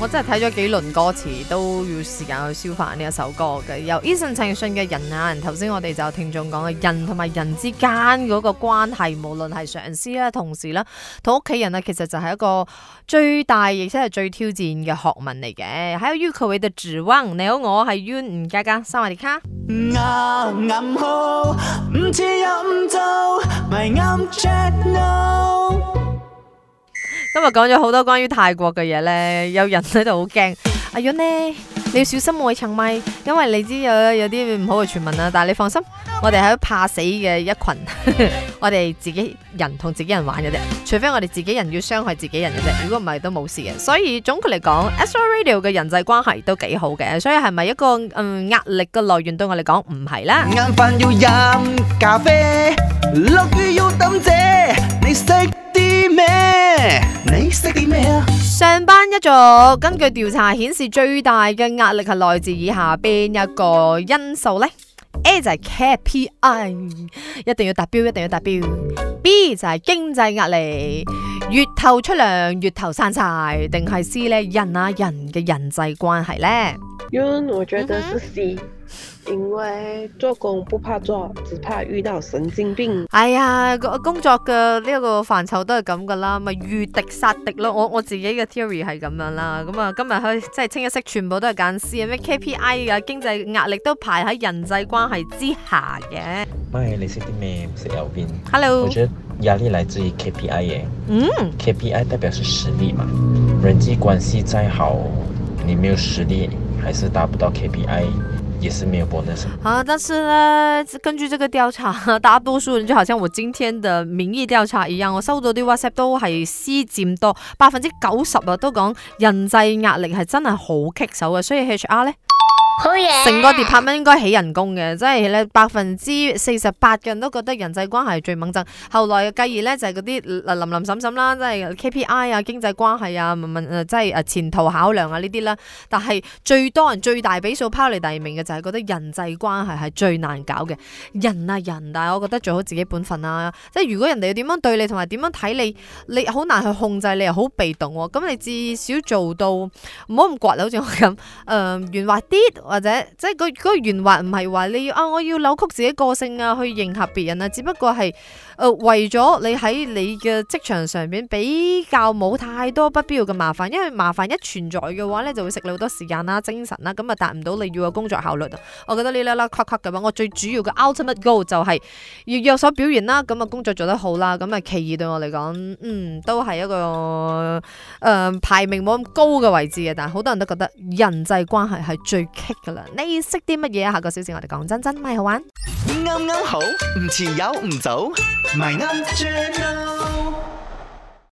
我真係睇咗幾輪歌詞，都要時間去消化呢一首歌嘅。由 Eason c h a 嘅《人啊人》，頭先我哋就聽眾講嘅人同埋人之間嗰個關係，無論係上司啦、同事啦、同屋企人啊,其實就係一個最大亦即係最挑戰嘅學問嚟嘅。喺有郁可嘅《指望》，你好我係冤家家，三位點卡。今日講咗好多關於泰國嘅嘢咧，有人喺度好驚。阿、哎、若呢你要小心外層咪，因為你知有有啲唔好嘅傳聞啦。但係你放心，我哋係怕死嘅一群， 我哋自己人同自己人玩嘅啫。除非我哋自己人要傷害自己人嘅啫，如果唔係都冇事嘅。所以總括嚟講，Astro Radio 嘅人際關係都幾好嘅。所以係咪一個嗯壓力嘅來源對我嚟講唔係啦？要飲咖啡，落雨要等姐。根據調查顯示，最大嘅壓力係來自以下邊一個因素咧？A 就係 KPI，一定要達標，一定要達標。B 就係經濟壓力，月頭出糧，月頭散晒，定係 C 咧？人啊人嘅人際關係呢？因為我覺得是 C，mm -hmm. 因為做工不怕做，只怕遇到神經病。哎呀，個工作嘅呢個範疇都係咁噶啦，咪遇敵殺敵咯。我我自己嘅 theory 係咁樣啦。咁、嗯、啊，今日去即係清一色，全部都係揀 C，咩 KPI 啊，經濟壓力都排喺人際關係之下嘅。咪你識啲咩？識右邊？Hello，我覺得壓力嚟自於 KPI 嘅。嗯、mm.，KPI 代表是實力嘛。Mm. 人際關係再好，你沒有實力。還是達不到 KPI，也是沒有 bonus。啊。但是呢，根據這個調查，大多數人就好像我今天的民意調查一樣，我收到啲 WhatsApp 都係 C 佔多，百分之九十啊都講人際壓力係真係好棘手嘅，所以 HR 呢？成個跌八蚊應該起人工嘅，即係咧百分之四十八嘅人都覺得人際關係最掹憎。後來嘅繼而咧就係嗰啲林林嬸嬸啦，即係 KPI 啊、經濟關係啊、即係誒前途考量啊呢啲啦。但係最多人最大比數拋嚟第二名嘅就係、是、覺得人際關係係最難搞嘅人啊人。但係我覺得做好自己本分啦、啊。即係如果人哋點樣對你同埋點樣睇你，你好難去控制，你又好被動。咁你至少做到唔好咁掘，好似我咁，誒、呃、圓滑啲。或者即係嗰嗰個圓滑唔係話你要啊我要扭曲自己嘅個性啊去迎合別人啊只不過係誒、呃、為咗你喺你嘅職場上面比較冇太多不必要嘅麻煩，因為麻煩一存在嘅話呢，就會食你好多時間啦、啊、精神啦、啊，咁啊達唔到你要嘅工作效率度、啊。我覺得呢啦啦咔咔嘅話，我最主要嘅 ultimate goal 就係要有所表現啦、啊，咁啊工作做得好啦、啊，咁啊其二對我嚟講，嗯都係一個誒、呃、排名冇咁高嘅位置嘅、啊，但係好多人都覺得人際關係係最你識啲乜嘢啊？下個小時我哋講真真，咪好玩。啱啱好，唔遲又唔早。